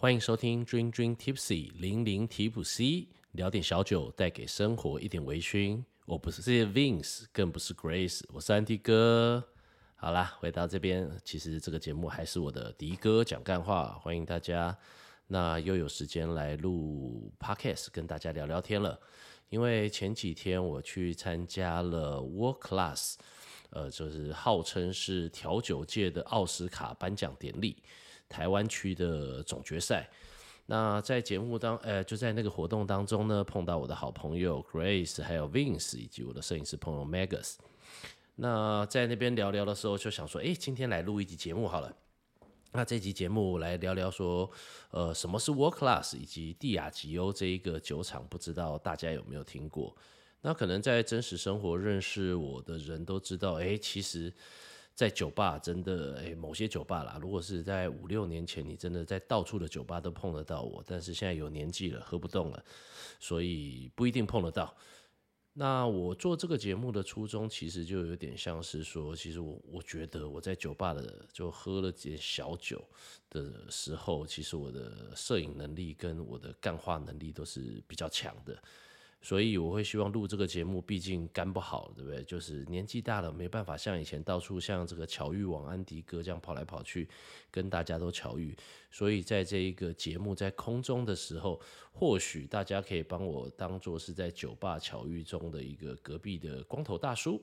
歡迎收聽《Dream Dream Tipsy》零零 Tipsy，聊點小酒，帶給生活一點微醺。我不是謝謝 Vince，更不是 Grace，我是安迪哥。好啦，回到這邊，其實這個節目還是我的迪哥講幹話，歡迎大家。那又有時間來錄 Podcast，跟大家聊聊天了。因為前幾天我去參加了 World Class，呃，就是號稱是調酒界的奧斯卡頒獎典禮。台灣區的總決賽，那在節目當，呃，就在那個活動當中呢，碰到我的好朋友 Grace，還有 Vince，以及我的攝影師朋友 Megas，那在那邊聊聊的時候，就想說，哎、欸，今天來錄一集節目好了。那這集節目來聊聊說，呃，什麼是 World Class，以及帝亞吉歐這一個酒廠，不知道大家有沒有聽過？那可能在真實生活認識我的人都知道，哎、欸，其實。在酒吧真的，誒、欸，某些酒吧啦。如果是在五六年前，你真的在到處的酒吧都碰得到我。但是現在有年紀了，喝不動了，所以不一定碰得到。那我做這個節目的初衷，其實就有點像是說，其實我我覺得我在酒吧的就喝了幾點小酒的時候，其實我的攝影能力跟我的幹話能力都是比較強的。所以我會希望錄這個節目，畢竟肝不好，對不對？就是年紀大了，沒辦法像以前到處像這個巧遇王安迪哥這樣跑來跑去，跟大家都巧遇。所以在這一個節目在空中的時候，或許大家可以幫我當做是在酒吧巧遇中的一個隔壁的光頭大叔。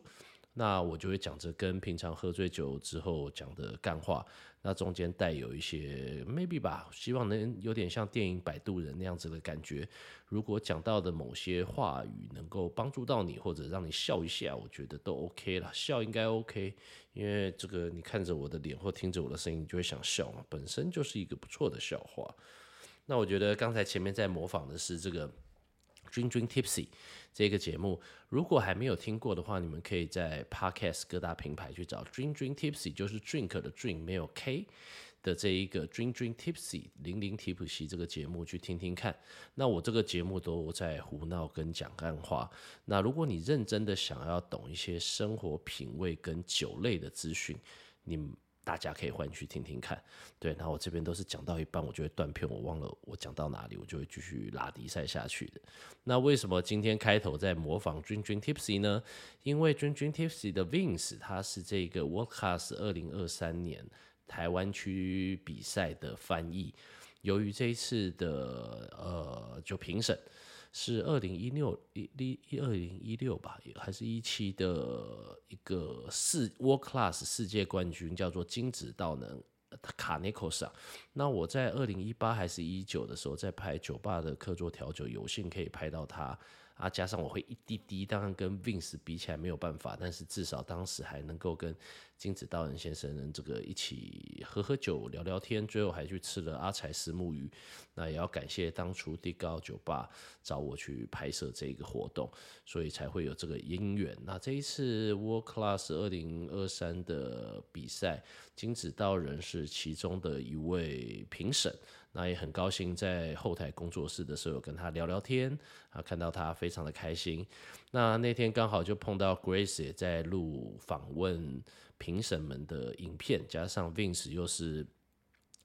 那我就會講着跟平常喝醉酒之後講的幹話，那中間帶有一些 maybe 吧，希望能有點像電影《擺渡人》那樣子的感覺。如果講到的某些話語能夠幫助到你，或者讓你笑一下，我覺得都 OK 啦，笑應該 OK，因為這個你看着我的臉或聽着我的聲音，你就會想笑嘛，本身就是一個不錯的笑話。那我覺得剛才前面在模仿的是這個。Drink Drink Tipsy 這個節目，如果還沒有聽過的話，你們可以在 Podcast 各大平台去找。Drink Drink Tipsy 就是 Drink 的 Drink 沒有 K 的這一個 Drink Drink Tipsy 零零 Tipsy 這個節目去聽聽看。那我這個節目都在胡鬧跟講幹話。那如果你認真的想要懂一些生活品味跟酒類的資訊，你大家可以回去聽聽看，對，那我這邊都是講到一半我就會斷片，我忘了我講到哪裡，我就會繼續拉低賽下去。那為什麼今天開頭在模仿君君 Tipsy 呢？因為君君 Tipsy 的 Vince 他是這個 w o r d c a s t 二零二三年台灣區比賽的翻譯，由於這一次的呃就評審。是二零一六一一二零一六吧，還是一七的一個世 World Class 世界冠軍，叫做金子道能卡尼科斯啊。那我在二零一八還是一九的時候，在拍酒吧的客座調酒，有幸可以拍到他。啊，加上我會一滴滴，當然跟 Vince 比起來沒有辦法，但是至少當時還能夠跟金子道人先生能這個一起喝喝酒、聊聊天，最後還去吃了阿柴虱目魚，那也要感謝當初 Digo 酒吧找我去拍攝這個活動，所以才會有這個姻緣。那這一次 World Class 二零二三的比賽，金子道人是其中的一位評審。那也很高興，在後台工作室的時候有跟他聊聊天啊，看到他非常的開心。那那天剛好就碰到 Grace 也在錄訪問評審們的影片，加上 Vince 又是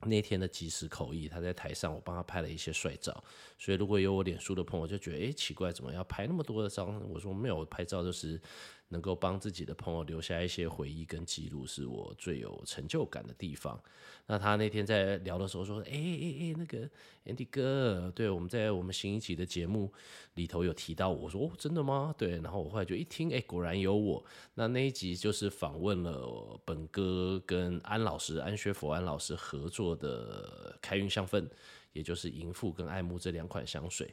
那天的即時口譯，他在台上我幫他拍了一些帥照。所以如果有我臉書的朋友就覺得，誒、欸，奇怪，怎麼要拍那麼多的照片？我說沒有，拍照就是。能夠幫自己的朋友留下一些回憶跟記錄，是我最有成就感的地方。那他那天在聊的時候說：“哎哎哎，那個 Andy 哥，對，我們在我們新一集的節目裡頭有提到我說，哦，真的嗎？對，然後我後來就一聽，哎、欸，果然有我。那那一集就是訪問了本哥跟安老師，安學佛安老師合作的開運香氛，也就是銀富跟愛慕這兩款香水。”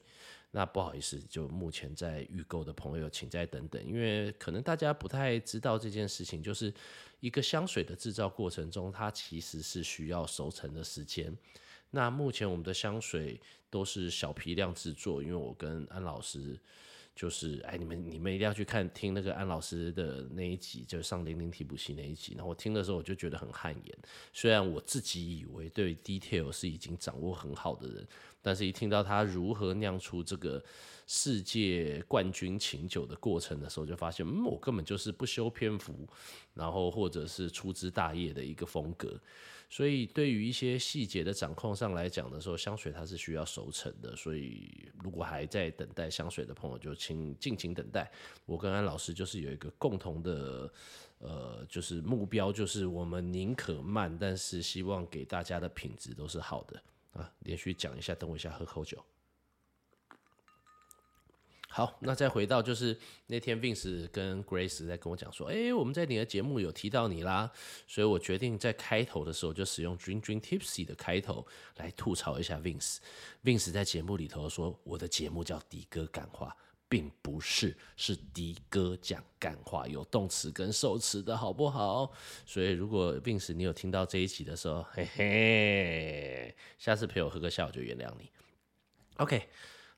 那不好意思，就目前在預購的朋友，請再等等，因為可能大家不太知道這件事情，就是一個香水的製造過程中，它其實是需要熟成的時間。那目前我們的香水都是小批量制作，因為我跟安老師。就是，哎，你們你們一定要去看聽那個安老師的那一集，就上零零替補席那一集。然後我聽的時候，我就覺得很汗顏。雖然我自己以為對 detail 是已經掌握很好的人，但是一聽到他如何釀出這個世界冠軍琴酒的過程的時候，就發現，嗯，我根本就是不修篇幅，然後或者是粗枝大葉的一個風格。所以，對於一些細節的掌控上來講的時候，香水它是需要熟成的。所以，如果還在等待香水的朋友，就請盡情等待。我跟安老師就是有一個共同的，呃，就是目標，就是我們寧可慢，但是希望給大家的品質都是好的。啊，連續講一下，等我一下，喝口酒。好，那再回到就是那天 Vince 跟 Grace 在跟我講說，哎、欸，我們在你的節目有提到你啦，所以我決定在開頭的時候就使用 “Dream Dream Tipsy” 的開頭來吐槽一下 Vince。Vince 在節目裡頭說，我的節目叫“迪哥幹話”，並不是是迪哥講幹話，有動詞跟受詞的好不好？所以如果 Vince 你有聽到這一集的時候，嘿嘿，下次陪我喝個下午就原諒你。OK。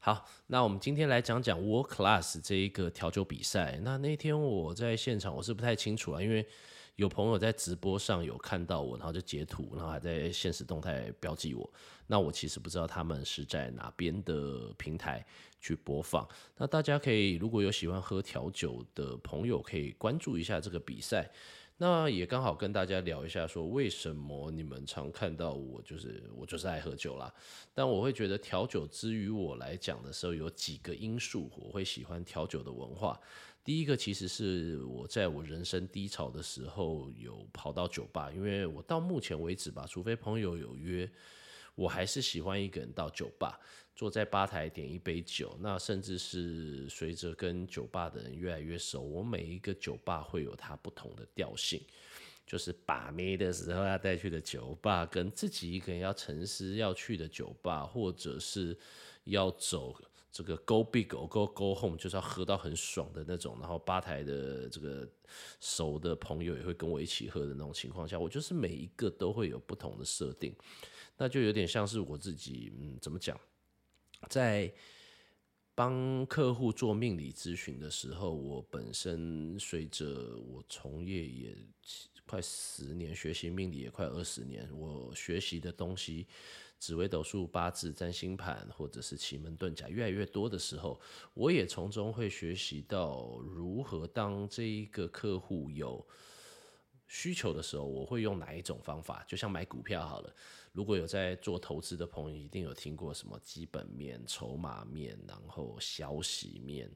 好，那我們今天來講講 World Class 這一個調酒比賽。那那天我在現場，我是不太清楚啊，因為有朋友在直播上有看到我，然後就截圖，然後還在限時動態標記我。那我其實不知道他們是在哪邊的平台去播放。那大家可以如果有喜歡喝調酒的朋友，可以關注一下這個比賽。那也剛好跟大家聊一下，說為什麼你們常看到我，就是我就是愛喝酒啦。但我會覺得調酒之於我來講的時候，有幾個因素我會喜歡調酒的文化。第一個，其實是我在我人生低潮的時候有跑到酒吧，因為我到目前為止吧，除非朋友有約，我還是喜歡一個人到酒吧。坐在吧台點一杯酒，那甚至是隨着跟酒吧的人越來越熟，我每一個酒吧會有它不同的調性，就是把妹的時候要帶去的酒吧，跟自己一個人要沉思要去的酒吧，或者是要走這個 go big or go go go home，就是要喝到很爽的那種。然後吧台的這個熟的朋友也會跟我一起喝的那種情況下，我就是每一個都會有不同的設定，那就有點像是我自己，嗯，怎麼講？在幫客戶做命理諮詢的時候，我本身隨着我從業也快十年，學習命理也快二十年，我學習的東西、紫微斗數、八字、占星盤，或者是奇門遁甲，越來越多的時候，我也從中會學習到如何當這一個客戶有需求的時候，我會用哪一種方法？就像買股票好了。如果有在做投資的朋友，一定有聽過什麼基本面、籌碼面，然後消息面，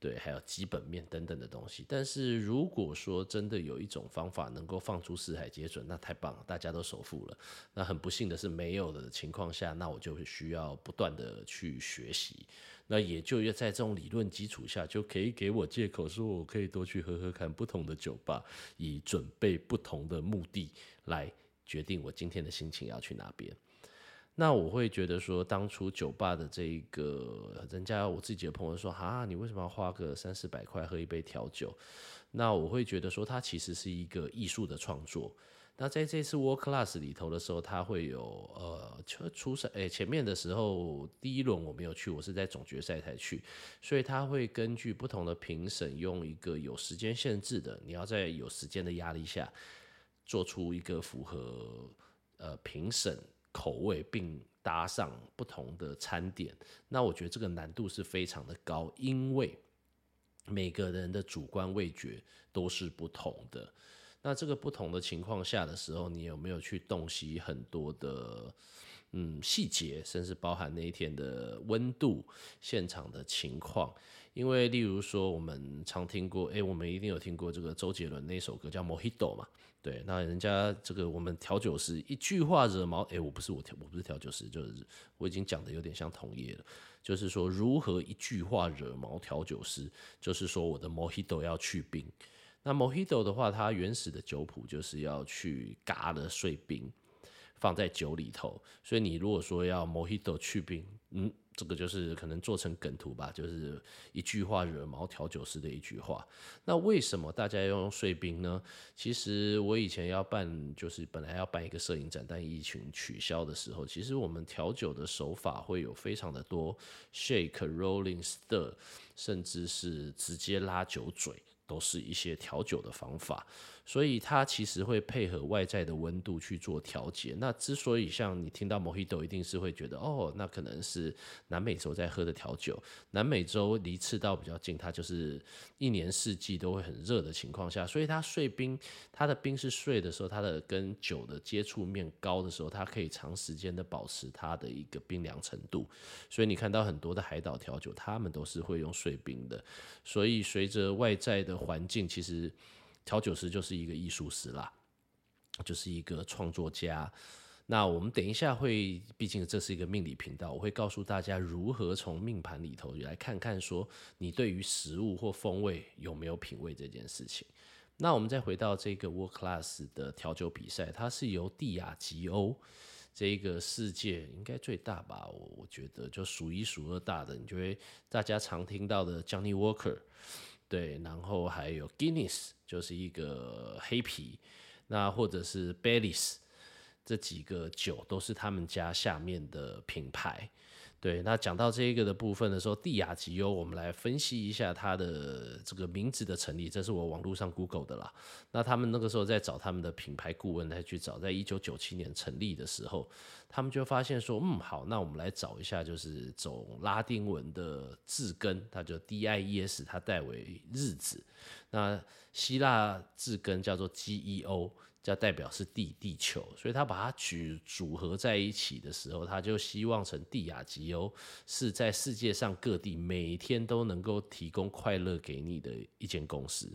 對，還有基本面等等的東西。但是如果說真的有一種方法能夠放出四海皆準，那太棒了，大家都首富了。那很不幸的是沒有的情況下，那我就需要不斷的去學習。那也就要在這種理論基礎下，就可以給我借口說，我可以多去喝喝看不同的酒吧，以準備不同的目的來。決定我今天的心情要去哪邊，那我會覺得說，當初酒吧的這一個人家我自己的朋友說，啊，你為什麼要花個三四百塊喝一杯調酒？那我會覺得說，它其實是一個藝術的創作。那在這次 World Class 裡頭的時候，他會有呃，初賽誒，前面的時候第一輪我沒有去，我是在總決賽才去，所以他會根據不同的評審，用一個有時間限制的，你要在有時間的壓力下。做出一個符合呃評審口味，並搭上不同的餐點，那我覺得這個難度是非常的高，因為每個人的主觀味覺都是不同的。那這個不同的情況下的時候，你有沒有去洞悉很多的嗯細節，甚至包含那一天的溫度、現場的情況？因為，例如說，我們常聽過，哎、欸，我們一定有聽過這個周杰倫那首歌叫《Mojito》嘛？對，那人家這個我們調酒師一句話惹毛，哎、欸，我不是我調我不是調酒師，就是我已經講的有點像同業了，就是說如何一句話惹毛調酒師，就是說我的 Mojito 要去冰。那 Mojito 的話，它原始的酒譜就是要去嘎的碎冰放在酒裡頭，所以你如果說要 Mojito 去冰，嗯，這個就是可能做成梗圖吧，就是一句話惹毛調酒師的一句話。那為什麼大家要用碎冰呢？其實我以前要辦，就是本來要辦一個攝影展，但疫情取消的時候，其實我們調酒的手法會有非常的多，shake、rolling、stir，甚至是直接拉酒嘴。都是一些調酒的方法。所以它其實會配合外在的溫度去做調節。那之所以像你聽到 Mojito，一定是會覺得哦，那可能是南美洲在喝的調酒。南美洲離赤道比較近，它就是一年四季都會很熱的情況下，所以它碎冰，它的冰是碎的時候，它的跟酒的接觸面高的時候，它可以長時間的保持它的一個冰涼程度。所以你看到很多的海島調酒，他們都是會用碎冰的。所以隨着外在的環境，其實。調酒師就是一個藝術師啦，就是一個創作家。那我們等一下會，畢竟這是一個命理頻道，我會告訴大家如何從命盤裡頭來看看說你對於食物或風味有沒有品味這件事情。那我們再回到這個 World Class 的調酒比賽，它是由帝亞吉歐這個世界應該最大吧，我我覺得就數一數二大的。你覺得大家常聽到的 Johnny Walker。對，然後還有 Guinness，就是一個黑啤，那或者是 Bellis，這幾個酒都是他們家下面的品牌。對，那講到這一個的部分的時候，帝亞吉歐，我們來分析一下它的這個名字的成立。這是我網路上 Google 的啦。那他們那個時候在找他們的品牌顧問來去找，在一九九七年成立的時候，他們就發現說，嗯，好，那我們來找一下，就是走拉丁文的字根，它就 D I E S，它代為日子。那希臘字根叫做 G E O。叫代表是地地球，所以他把它組合在一起的時候，他就希望成帝亞吉歐是在世界上各地每天都能夠提供快樂給你的一間公司。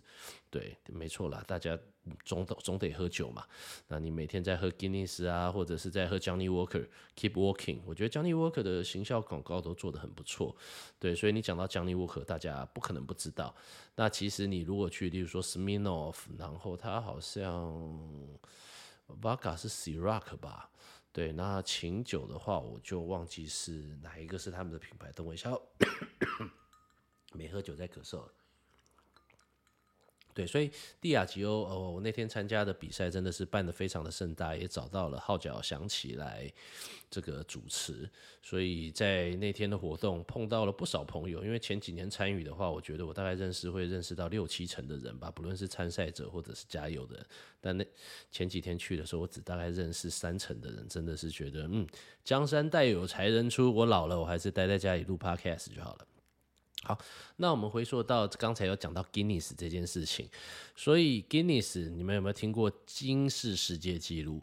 對，沒錯啦。大家總總得喝酒嘛。那你每天在喝 Guinness 啊，或者是在喝 Johnnie Walker Keep Walking，我覺得 Johnnie Walker 的行銷廣告都做得很不錯。對，所以你講到 Johnnie Walker，大家不可能不知道。那其實你如果去，例如說 Smirnoff 然後他好像 Vodka 是 Cirac 吧？對，那琴酒的話，我就忘記是哪一個是他們的品牌。等我一下，沒 喝酒在咳嗽。對，所以蒂亞吉歐，哦，我那天參加的比賽真的是辦得非常的盛大，也找到了號角響起來這個主持，所以在那天的活動碰到了不少朋友，因為前幾年參與的話，我覺得我大概認識會認識到六七成的人吧，不論是參賽者或者是加油的人，但那前幾天去的時候，我只大概認識三成的人，真的是覺得，嗯，江山代有才人出，我老了，我還是待在家裡錄 podcast 就好了。好，那我們回溯到剛才有講到 Guinness 這件事情，所以 Guinness 你們有沒有聽過金氏世界紀錄？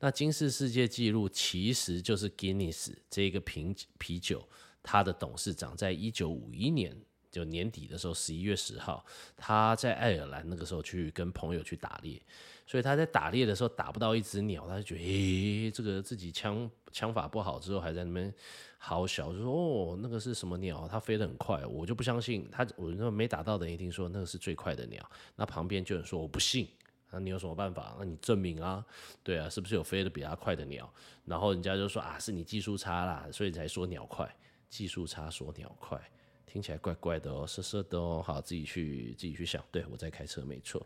那金氏世界紀錄其實就是 Guinness 這個瓶啤酒，它的董事長在一九五一年。就年底的時候，十一月十號，他在愛爾蘭那個時候去跟朋友去打獵，所以他在打獵的時候打不到一只鳥，他就覺得，咦、欸，這個自己槍槍法不好，之後還在那邊嚎小，就說，哦，那個是什麼鳥？它飛得很快，我就不相信他，我那沒打到的一定說，一聽說那個是最快的鳥，那旁邊就有人說我不信，那你有什麼辦法？那你證明啊？對啊，是不是有飛得比他快的鳥？然後人家就說啊，是你技術差啦，所以才說鳥快，技術差說鳥快。聽起來怪怪的哦、喔，瑟瑟的哦、喔。好，自己去自己去想。對，我在開車，沒錯。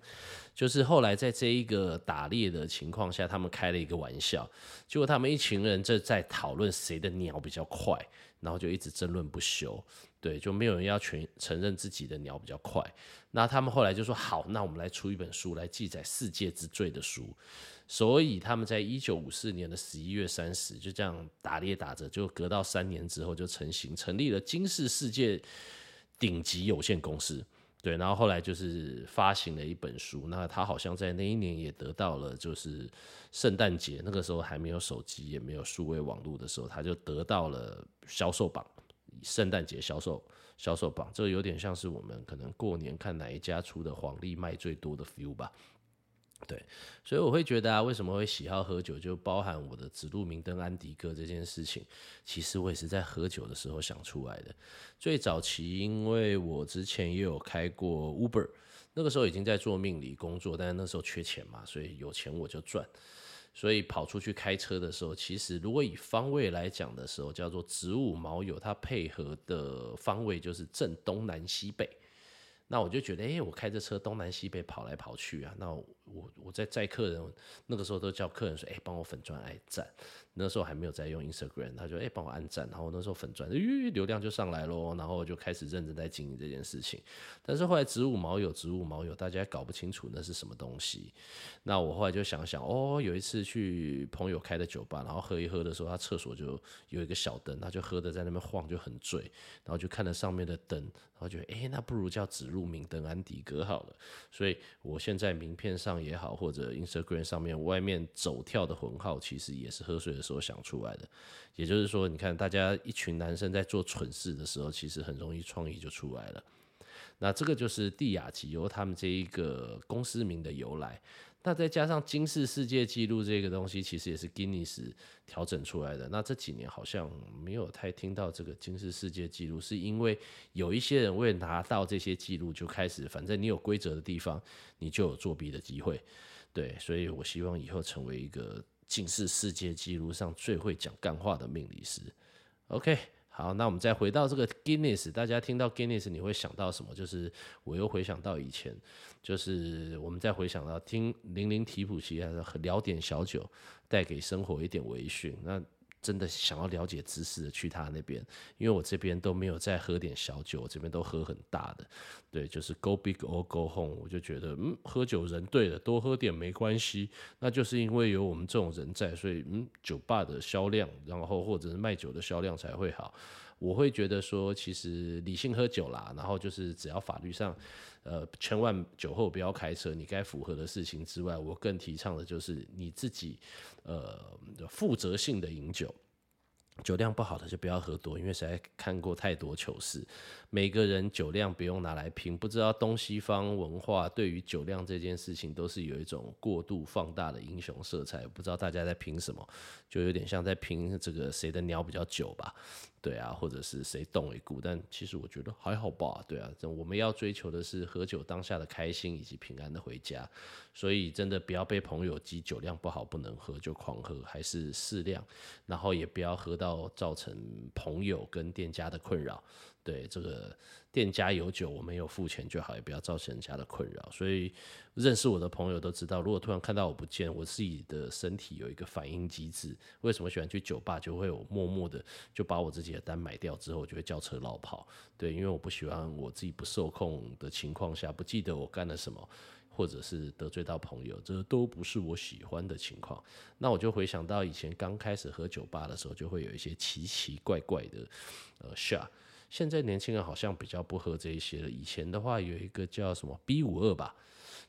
就是後來在這一個打獵的情況下，他們開了一個玩笑，結果他們一群人就在討論誰的鳥比較快，然後就一直爭論不休。對，就沒有人要承承認自己的鳥比較快。那他們後來就說：“好，那我們來出一本書來記載世界之最的書。”所以他們在一九五四年的十一月三十就這樣打獵打着，就隔到三年之後就成型，成立了金氏世界頂級有限公司。對，然後後來就是發行了一本書。那他好像在那一年也得到了，就是聖誕節那個時候還沒有手機也沒有數位網絡的時候，他就得到了銷售榜，聖誕節銷售銷售榜，這個有點像是我們可能過年看哪一家出的黃曆賣最多的 feel 吧。對，所以我會覺得啊，為什麼會喜好喝酒，就包含我的“指路明燈”安迪哥這件事情。其實我也是在喝酒的時候想出來的。最早期，因為我之前也有開過 Uber，那個時候已經在做命理工作，但是那時候缺錢嘛，所以有錢我就賺。所以跑出去開車的時候，其實如果以方位來講的時候，叫做子午卯酉，它配合的方位就是正東南西北。那我就覺得，哎，我開着車東南西北跑來跑去啊，那我。我我在載客人，那個時候都叫客人說：“哎、欸，幫我粉專按讚。”那時候還沒有在用 Instagram，他說：“哎、欸，幫我按讚。”然後那時候粉專，咦、呃，流量就上來咯，然後我就開始認真在經營這件事情。但是後來子午卯酉、子午卯酉，大家搞不清楚那是什麼東西。那我後來就想想，哦，有一次去朋友開的酒吧，然後喝一喝的時候，他廁所就有一個小燈，他就喝得在那邊晃，就很醉。然後就看了上面的燈，然後就，哎、欸，“那不如叫指路明燈安迪哥好了。”所以我現在名片上，也好，或者 Instagram 上面外面走跳的混號，其實也是喝水的時候想出來的。也就是說，你看大家一群男生在做蠢事的時候，其實很容易創意就出來了。那這個就是帝亞吉由他們這一個公司名的由來。那再加上金氏世界紀錄這個東西，其實也是吉尼斯調整出來的。那這幾年好像沒有太聽到這個金氏世界紀錄，是因為有一些人為了拿到這些紀錄，就開始，反正你有規則的地方，你就有作弊的機會。對，所以我希望以後成為一個金氏世界紀錄上最會講乾話的命理師。OK。好，那我們再回到這個 Guinness，大家聽到 Guinness，你會想到什麼？就是我又回想到以前，就是我們再回想到聽零零提普奇還是聊點小酒，帶給生活一點微醺。那真的想要了解知識的，去他那邊，因為我這邊都沒有在喝點小酒，我這邊都喝很大的，對，就是 go big or go home。我就覺得，嗯，喝酒人對了，多喝點沒關係。那就是因為有我們這種人在，所以嗯，酒吧的銷量，然後或者是賣酒的銷量才會好。我會覺得說，其實理性喝酒啦，然後就是只要法律上。呃，千萬酒後不要開車。你該符合的事情之外，我更提倡的就是你自己，呃，負責性的飲酒。酒量不好的就不要喝多，因為實在看過太多糗事。每個人酒量不用拿來拼，不知道東西方文化對於酒量這件事情都是有一種過度放大的英雄色彩，不知道大家在拼什麼，就有點像在拼這個誰的鳥比較久吧，對啊，或者是誰動了一股，但其實我覺得還好吧，對啊，我們要追求的是喝酒當下的開心以及平安的回家，所以真的不要被朋友激酒量不好不能喝就狂喝，還是適量，然後也不要喝到造成朋友跟店家的困擾。對，這個店家有酒，我沒有付錢就好，也不要造成人家的困擾。所以認識我的朋友都知道，如果突然看到我不見，我自己的身體有一個反應機制。為什麼喜歡去酒吧，就會有默默的就把我自己的單買掉之後，我就會叫車老跑。對，因為我不喜歡我自己不受控的情況下，不記得我幹了什麼，或者是得罪到朋友，這個都不是我喜歡的情況。那我就回想到以前剛開始喝酒吧的時候，就會有一些奇奇怪怪的呃事現在年輕人好像比較不喝這一些了。以前的話有一個叫什麼 B52 吧，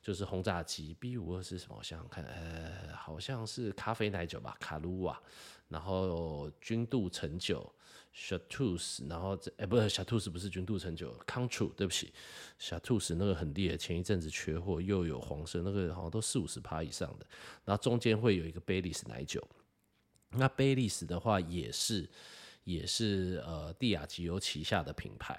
就是轟炸機。B52 是什麼？我想想看，呃，好像是咖啡奶酒吧，卡露瓦，然後君度橙酒，小兔子然後哎、欸，不是小兔子不是君度橙酒，康楚，對不起，小兔子那個很厲害，前一陣子缺貨，又有黃色那個，好像都四五十趴以上的。然後中間會有一個貝利斯奶酒，那貝利斯的話也是。也是呃，帝亞吉歐旗下的品牌。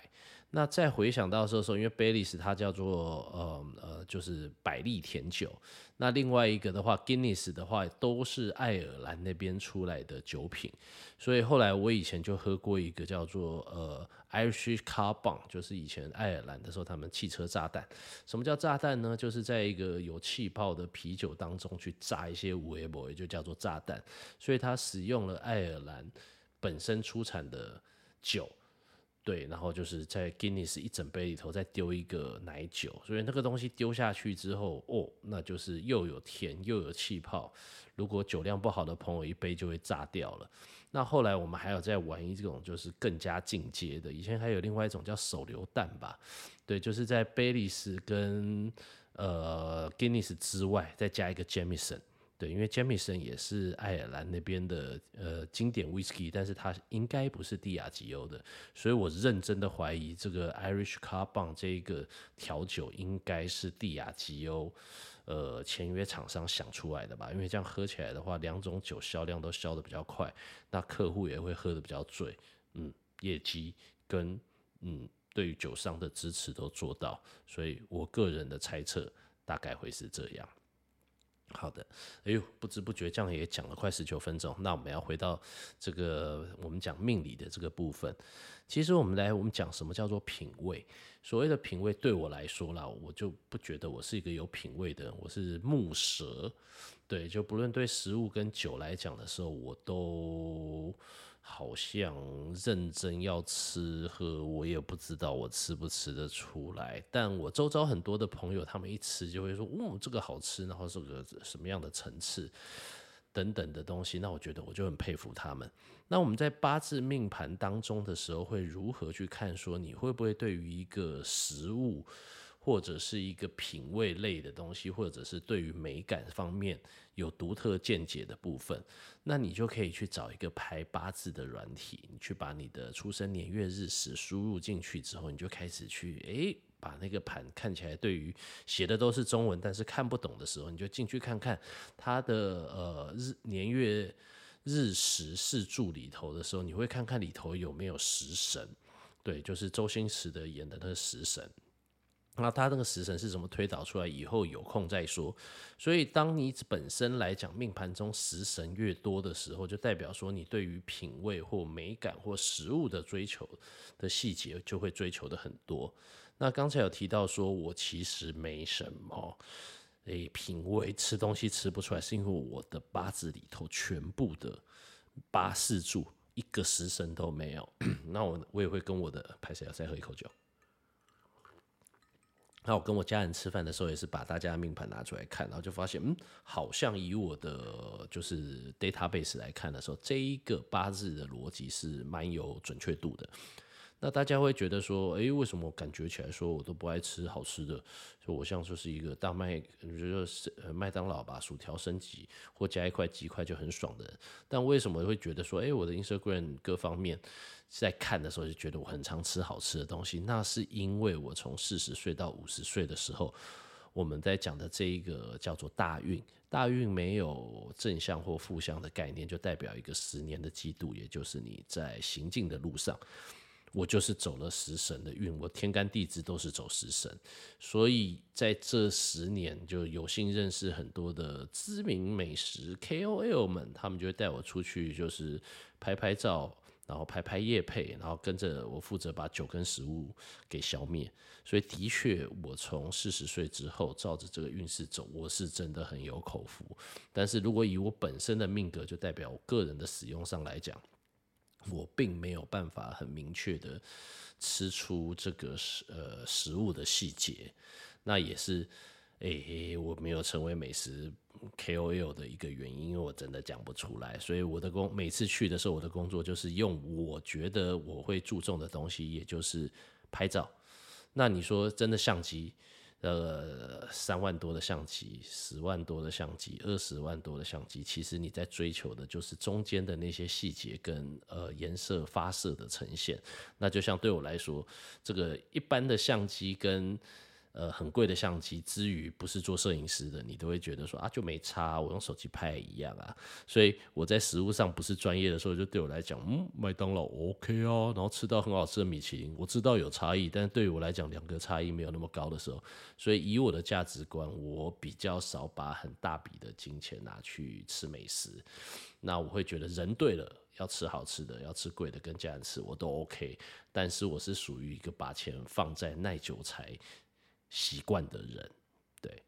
那再回想到的時候說，因為 Bailey's 它叫做呃呃，就是百利甜酒。那另外一個的話，Guinness 的話都是愛爾蘭那邊出來的酒品。所以後來我以前就喝過一個叫做呃 Irish Car Bomb，就是以前愛爾蘭的時候他們汽車炸彈。什麼叫炸彈呢？就是在一個有氣泡的啤酒當中去炸一些威波，也就叫做炸彈。所以它使用了愛爾蘭。本身出產的酒，對，然後就是在 Guinness 一整杯裡頭再丟一個奶酒，所以那個東西丟下去之後，哦，那就是又有甜又有氣泡。如果酒量不好的朋友，一杯就會炸掉了。那後來我們還有在玩一種，就是更加進階的。以前還有另外一種叫手榴彈吧，對，就是在 Bailey's 跟呃 Guinness 之外再加一個 Jameson。對，因為傑米森也是愛爾蘭那邊的呃經典 whisky，但是它應該不是帝亞吉歐的，所以我認真的懷疑這個 Irish Car Bomb 這一個調酒應該是帝亞吉歐呃簽約廠商想出來的吧？因為這樣喝起來的話，兩種酒銷量都銷得比較快，那客戶也會喝得比較醉，嗯，業績跟嗯對於酒商的支持都做到，所以我個人的猜測大概會是這樣。好的，哎呦，不知不覺這樣也講了快十九分鐘，那我們要回到這個我們講命理的這個部分。其實我們來我們講什麼叫做品味？所謂的品味，對我來說啦，我就不覺得我是一個有品味的人，我是木蛇。對，就不論對食物跟酒來講的時候，我都。好像認真要吃喝，我也不知道我吃不吃得出來。但我周遭很多的朋友，他們一吃就會說：“嗯，這個好吃。”然後這個什麼樣的層次等等的東西，那我覺得我就很佩服他們。那我們在八字命盤當中的時候，會如何去看？說你會不會對於一個食物，或者是一個品味類的東西，或者是對於美感方面有獨特見解的部分，那你就可以去找一個排八字的軟體，你去把你的出生年月日時輸入進去之後，你就開始去哎、欸、把那個盤看起來，對於寫的都是中文，但是看不懂的時候，你就進去看看它的呃日年月日時四柱裡頭的時候，你會看看裡頭有沒有食神，對，就是周星馳的演的那個食神。那他那個食神是怎麼推導出來，以後有空再說。所以，當你本身來講命盤中食神越多的時候，就代表說你對於品味或美感或食物的追求的細節就會追求的很多。那剛才有提到說，我其實沒什麼誒品味，吃東西吃不出來，是因為我的八字裡頭全部的八四柱一個食神都沒有。 那我我也會跟我的拍攝要再喝一口酒。那我跟我家人吃飯的時候，也是把大家的命盤拿出來看，然後就發現，嗯，好像以我的就是 database 來看的時候，這一個八字的邏輯是蠻有準確度的。那大家會覺得說，哎，為什麼我感覺起來說我都不愛吃好吃的？就我像說是一個大麥，你覺得麥當勞吧，薯條升級或加一塊雞塊就很爽的人。但為什麼會覺得說，哎，我的 Instagram 各方面在看的時候就覺得我很常吃好吃的東西？那是因為我從四十歲到五十歲的時候，我們在講的這一個叫做大運，大運沒有正向或負向的概念，就代表一個十年的季度，也就是你在行進的路上。我就是走了食神的運，我天干地支都是走食神，所以在這十年就有幸認識很多的知名美食 KOL 們，他們就會帶我出去，就是拍拍照，然後拍拍業配，然後跟着我負責把酒跟食物給消滅。所以的確，我從四十歲之後照着這個運勢走，我是真的很有口福。但是如果以我本身的命格，就代表我個人的使用上來講。我並沒有辦法很明確的吃出這個食呃食物的細節，那也是誒、欸、我沒有成為美食 K O L 的一個原因，因為我真的講不出來。所以我的工每次去的時候，我的工作就是用我覺得我會注重的東西，也就是拍照。那你說真的相機？呃，三萬多的相機，十萬多的相機，二十萬多的相機，其實你在追求的就是中間的那些細節跟呃顏色髮色的呈現。那就像對我來說，這個一般的相機跟。呃，很貴的相機之餘，不是做攝影師的，你都會覺得說啊，就沒差，我用手機拍也一樣啊。所以我在食物上不是專業的時候，就對我來講，嗯，麥當勞 OK 啊，然後吃到很好吃的米其林，我知道有差異，但是對於我來講，兩個差異沒有那麼高的時候，所以以我的價值觀，我比較少把很大筆的金錢拿去吃美食。那我會覺得人對了，要吃好吃的，要吃貴的，跟家人吃我都 OK。但是我是屬於一個把錢放在耐久財習慣的人，對，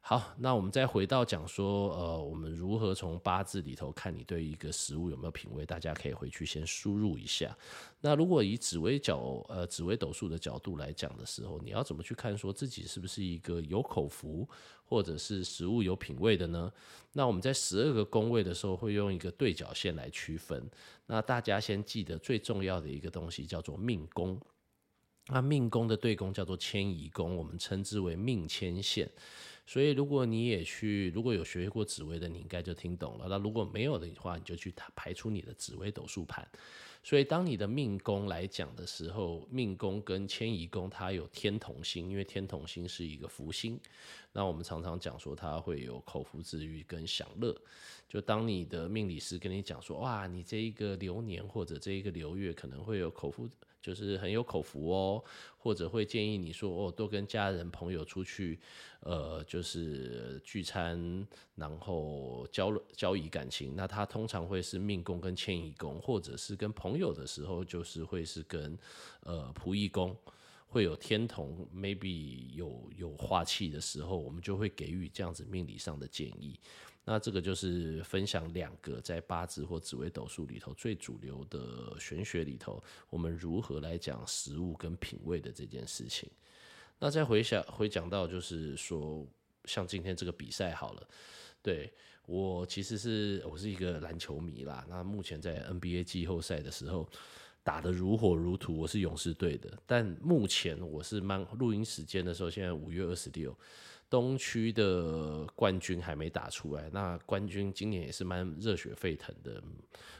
好，那我們再回到講說，呃，我們如何從八字裡頭看你對一個食物有沒有品味？大家可以回去先輸入一下。那如果以紫微角、呃，紫微斗數的角度來講的時候，你要怎麼去看說自己是不是一個有口福，或者是食物有品位的呢？那我們在十二個宮位的時候，會用一個對角線來區分。那大家先記得最重要的一個東西叫做命宮。那命宮的對宮叫做遷移宮，我們稱之為命遷線。所以如果你也去，如果有學過紫微的，你應該就聽懂了。那如果沒有的話，你就去排出你的紫微斗數盤。所以當你的命宮來講的時候，命宮跟遷移宮它有天同星，因為天同星是一個福星。那我們常常講說，它會有口福之欲跟享樂。就當你的命理師跟你講說，哇，你這一個流年或者這一個流月可能會有口福。就是很有口福哦，或者會建議你說哦，多跟家人朋友出去，呃，就是聚餐，然後交交誼感情。那他通常會是命宮跟遷移宮，或者是跟朋友的時候，就是會是跟呃僕役宮會有天同，maybe 有有化氣的時候，我們就會給予這樣子命理上的建議。那這個就是分享兩個在八字或紫微斗數裡頭最主流的玄學裡頭，我們如何來講食物跟品味的這件事情。那再回想回講到，就是說像今天這個比賽好了，對，我其實是，我是一個籃球迷啦。那目前在 NBA 季後賽的時候打得如火如荼，我是勇士隊的。但目前我是慢，錄音時間的時候，現在五月二十六。東區的冠軍還沒打出來，那冠軍今年也是蠻熱血沸騰的。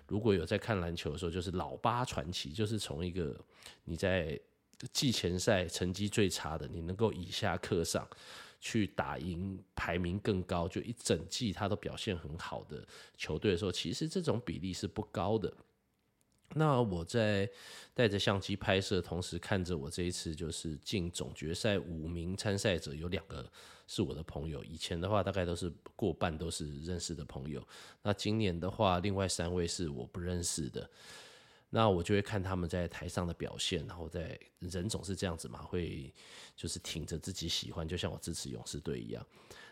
如果有在看籃球的時候，就是老八傳奇，就是從一個你在季前賽成績最差的，你能夠以下克上，去打贏排名更高，就一整季他都表現很好的球隊的時候，其實這種比例是不高的。那我在帶着相機拍攝，同時看着我這一次就是進總決賽五名參賽者，有兩個是我的朋友。以前的話，大概都是過半都是認識的朋友。那今年的話，另外三位是我不認識的。那我就會看他們在台上的表現，然後在人總是這樣子嘛，會就是挺着自己喜歡，就像我支持勇士隊一樣。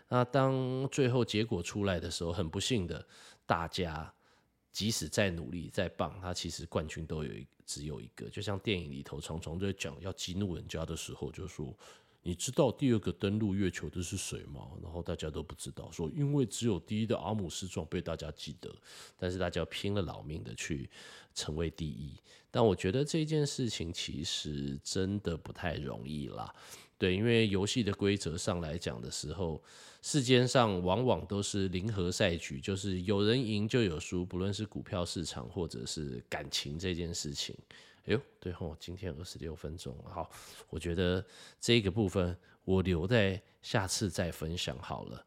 那當最後結果出來的時候，很不幸的，大家。即使再努力再棒，他其實冠軍都有一只有一個。就像電影裡頭，常常在講要激怒人家的時候，就說你知道第二個登陸月球的是誰嗎？然後大家都不知道，說因為只有第一的阿姆斯壯被大家記得，但是大家拼了老命的去成為第一。但我覺得這件事情其實真的不太容易啦。對，因為遊戲的規則上來講的時候，世間上往往都是零和賽局，就是有人贏就有輸，不論是股票市場或者是感情這件事情。哎呦，對吼，今天二十六分鐘，好，我覺得這個部分我留在下次再分享好了。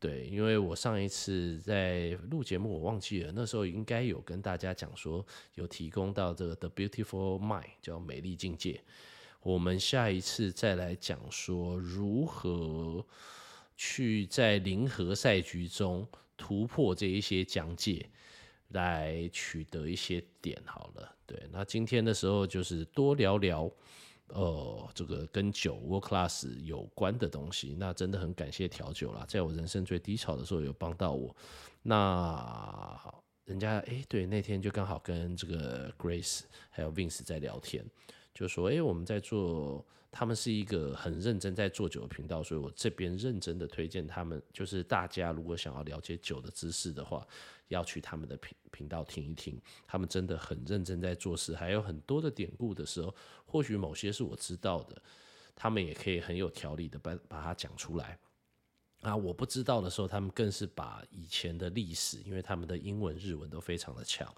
對，因為我上一次在錄節目，我忘記了，那時候應該有跟大家講說，有提供到這個《The Beautiful Mind》，叫《美麗境界》。我們下一次再來講說如何去在零和賽局中突破這一些講解，來取得一些點好了。對，那今天的時候就是多聊聊，哦、呃，這個跟酒 World Class 有關的東西。那真的很感謝調酒啦，在我人生最低潮的時候有幫到我。那人家哎，對，那天就剛好跟這個 Grace 還有 Vince 在聊天。就說，哎、欸，我們在做，他們是一個很認真在做酒的頻道，所以我這邊認真的推薦他們。就是大家如果想要了解酒的知識的話，要去他們的頻頻道聽一聽，他們真的很認真在做事，還有很多的典故的時候，或許某些是我知道的，他們也可以很有條理的把把它講出來。啊，我不知道的時候，他們更是把以前的歷史，因為他們的英文、日文都非常的強。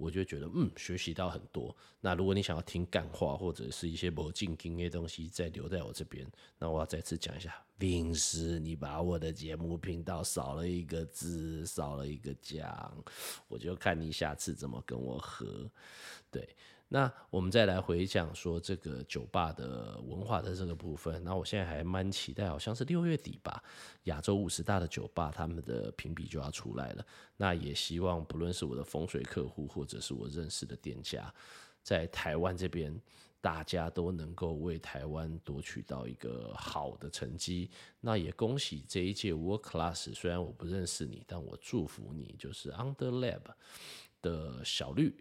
我就覺得，嗯，學習到很多。那如果你想要聽乾化，或者是一些魔鏡金耶東西，再留在我這邊，那我要再次講一下，臨時你把我的節目頻道少了一個字，少了一個講，我就看你下次怎麼跟我合對。那我們再來回講說這個酒吧的文化的這個部分。那我現在還蠻期待，好像是六月底吧，亞洲五十大的酒吧他們的評比就要出來了。那也希望不論是我的風水客戶或者是我認識的店家，在台灣這邊，大家都能夠為台灣奪取到一個好的成績。那也恭喜這一屆 World Class，雖然我不認識你，但我祝福你，就是 Under Lab 的小綠。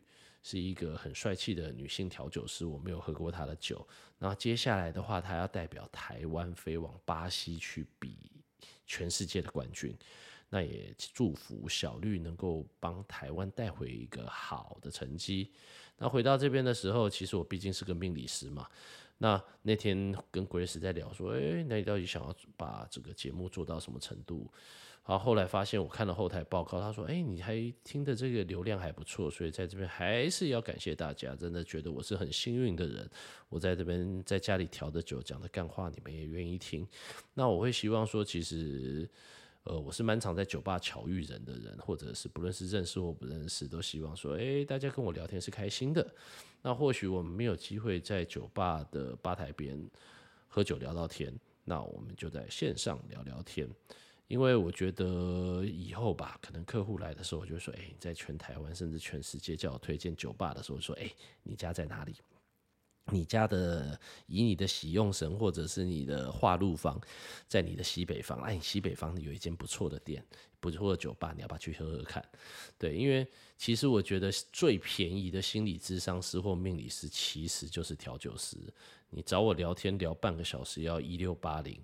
是一個很帥氣的女性調酒師，我沒有喝過她的酒。那接下來的話，她要代表台灣飛往巴西去比全世界的冠軍。那也祝福小綠能夠幫台灣帶回一個好的成績。那回到這邊的時候，其實我畢竟是個命理師嘛。那那天跟 Grace 在聊說，誒，那你到底想要把這個節目做到什麼程度？然後後來發現，我看了後台報告，他說：“哎，你還聽的這個流量還不錯，所以在這邊還是要感謝大家，真的覺得我是很幸運的人。我在這邊在家裡調的酒，講的幹話，你們也願意聽。那我會希望說，其實，呃，我是蠻常在酒吧巧遇人的人，或者是不論是認識或不認識，都希望說，哎，大家跟我聊天是開心的。那或許我們沒有機會在酒吧的吧台邊喝酒聊聊天，那我們就在線上聊聊天。”因為我覺得以後吧，可能客戶來的時候，我就說：“哎、欸，在全台灣甚至全世界叫我推薦酒吧的時候，說：哎、欸，你家在哪裡？你家的以你的喜用神或者是你的化祿方，在你的西北方。哎、啊，西北方有一間不錯的店，不錯的酒吧，你要不要去喝喝看？對，因為其實我覺得最便宜的心理諮商師或命理師其實就是調酒師。你找我聊天聊半個小時要一六八零。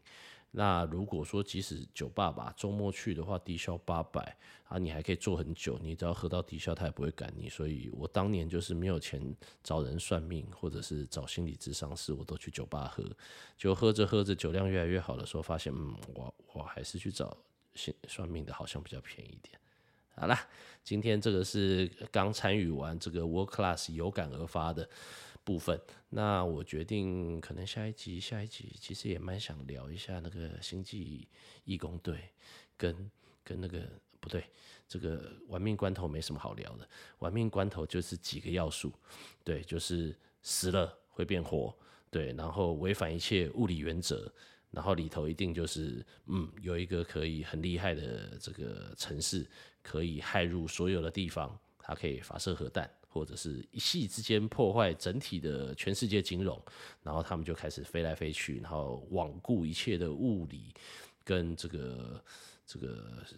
那如果說，即使酒吧吧周末去的話，低消八百啊，你還可以坐很久，你只要喝到低消，他也不會趕你。所以我當年就是沒有錢找人算命，或者是找心理諮商師，我都去酒吧喝。就喝着喝着，酒量越來越好的時候，發現，嗯，我我還是去找算命的，好像比較便宜一點。好啦，今天這個是剛參與完這個 World Class 有感而發的。部分，那我決定可能下一集下一集，其實也蠻想聊一下那個星際異攻隊，跟跟那個不對，這個玩命關頭沒什麼好聊的，玩命關頭就是幾個要素，對，就是死了會變活，對，然後違反一切物理原則，然後裡頭一定就是嗯有一個可以很厲害的這個城市，可以駭入所有的地方，它可以發射核彈。或者是一夕之間破壞整體的全世界金融，然後他們就開始飛來飛去，然後罔顧一切的物理跟這個這個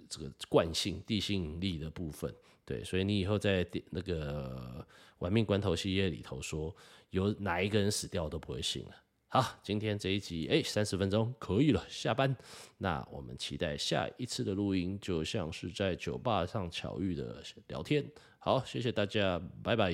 這個慣性、地心引力的部分。對，所以你以後在那個玩命關頭系列裡頭說有哪一個人死掉都不會信了。好，今天這一集哎，三十分鐘，可以了，下班。那我們期待下一次的錄音，就像是在酒吧上巧遇的聊天。好，謝謝大家，拜拜。